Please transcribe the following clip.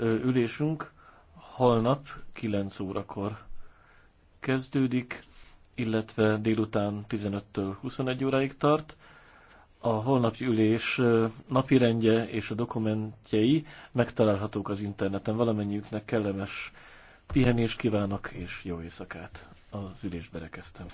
ülésünk holnap 9 órakor kezdődik, illetve délután 15-től 21 óráig tart. A holnapi ülés napirendje és a dokumentjei megtalálhatók az interneten. Valamennyiüknek kellemes pihenést kívánok, és jó éjszakát. Az ülésbe rekeztem.